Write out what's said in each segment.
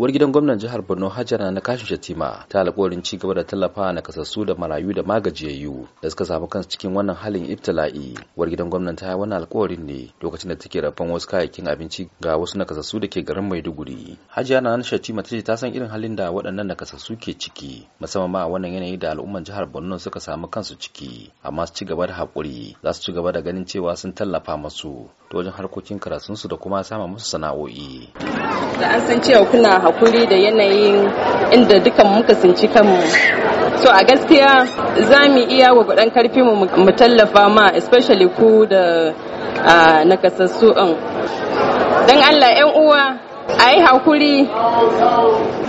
uwar gidan gwamnan jihar borno hajjara na kashin shatima ta alƙawarin ci gaba da tallafa na kasassu da marayu da magajiyayyu da suka samu kansu cikin wannan halin ibtila'i uwar gidan gwamnan ta yi wannan alƙawarin ne lokacin da take rabon wasu kayayyakin abinci ga wasu nakasassu da ke garin maiduguri hajjara na shatima ta ce ta san irin halin da waɗannan nakasassu ke ciki musamman ma a wannan yanayi da al'umman jihar borno suka samu kansu ciki amma su ci gaba da haƙuri za su ci gaba da ganin cewa sun tallafa masu ta wajen harkokin karatunsu da kuma sama musu sana'o'i da an san cewa kuna hakuri da yanayin inda dukan muka tsinci kanmu so a gaskiya za mu iya gwagwadon karfi mu tallafa ma especially ku da nakasassu ɗin don allah 'yan uwa a yi hakuri.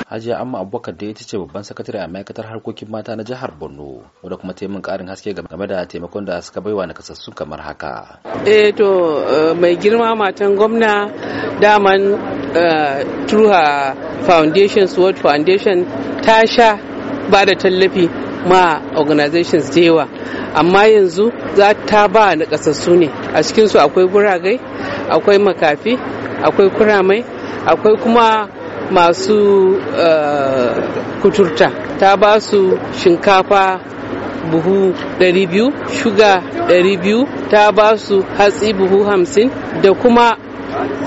Hajiya Amma Abubakar da ita ce babban sakatare a ma'aikatar harkokin mata na jihar Borno wadda kuma taimakon karin haske game da taimakon da suka baiwa na kasassu kamar haka. Eh to eh, mai girma matan gwamna daman Uh, through her foundation sword foundation ta sha ba da tallafi ma organizations da yawa amma yanzu za ta ba na kasassu ne a cikinsu akwai guragai akwai makafi akwai kuramai akwai kuma masu uh, kuturta ta ba su shinkafa buhu 200 shuga 200 ta ba su hatsi buhu 50 da kuma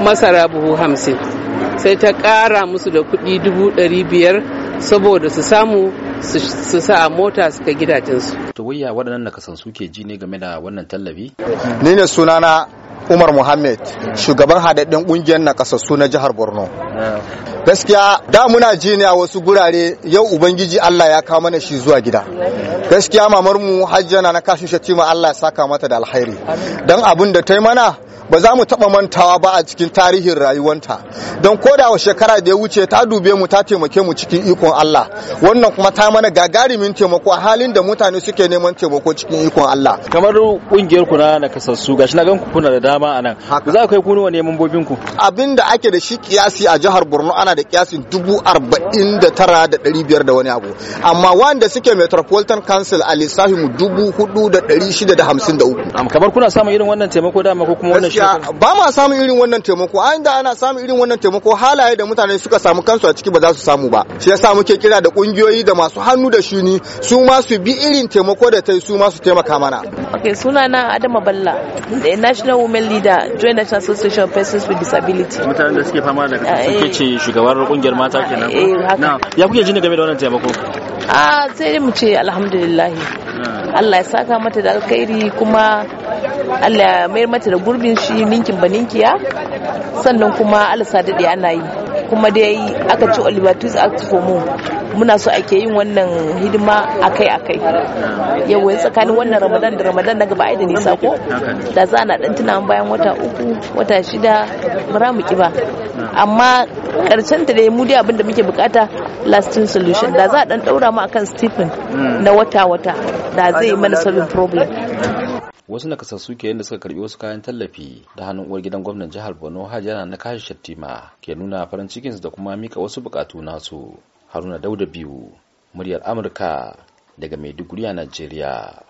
masara buhu 50 sai ta ƙara musu da kuɗi dubu dari biyar saboda su samu su sa a mota suka gidajensu. To wayya waɗannan kasan suke ji ne game da wannan tallafi? Ni ne sunana Umar Muhammad shugaban haɗaɗɗen ƙungiyar nakasassu na jihar Borno. Gaskiya da muna ji ne a wasu gurare yau Ubangiji Allah ya kawo mana shi zuwa gida. Gaskiya mamarmu mu hajjana na kashin shatima Allah ya saka mata da alkhairi. don abin da ta yi mana ba za mu taɓa mantawa ba a cikin tarihin rayuwanta don koda wa shekara da ya wuce ta dube mu ta taimake mu cikin ikon Allah wannan kuma ta mana gagarumin taimako a halin da mutane suke neman taimako cikin ikon Allah kamar kungiyar ku na nakasassu gashi na gan ku kuna da dama a nan za ku kai ku neman bobin ku abinda ake da shi kiyasi a jihar Borno ana da kiyasi dubu arba'in da tara da ɗari biyar da wani abu amma wanda suke metropolitan council a lissafi mu dubu hudu da ɗari shida da hamsin da uku kamar kuna samun irin wannan taimako dama ko kuma wannan gaskiya ba ma samun irin wannan taimako a inda ana samun irin wannan taimako halaye da mutane suka samu kansu a ciki ba za su samu ba shi yasa muke kira da kungiyoyi da masu hannu da shuni su ma su bi irin taimako da ta yi su ma su taimaka mana ok suna na adama balla the national women leader joint national association of persons with disability mutanen da suke fama da ah, suke eh. ce shugabar kungiyar mata kenan eh, ya kuke jin game da wannan taimako a ah, sai mu ce alhamdulillah ah. Allah ya saka mata da alkhairi kuma Allah mayar mata da gurbin shi ninkin ba ninkiya sannan kuma alasa daɗe ana yi kuma dai aka ci Oliver Act for mu muna so ake yin wannan hidima akai akai yau tsakanin wannan Ramadan da Ramadan na gaba ai da nisa ko da za na dan tuna bayan wata uku wata shida bara mu ba amma karshen ta dai mu dai abin da muke bukata lasting solution da za a dan daura mu akan Stephen na wata wata da zai mana solving problem wasu nakasassu ke yadda suka karbi wasu kayan tallafi da hannun uwar gidan gwamnan jihar borno yana na kashi shattima ke nuna farin cikinsu da kuma mika wasu bukatu nasu haruna dauda biyu muryar amurka daga maiduguri a najeriya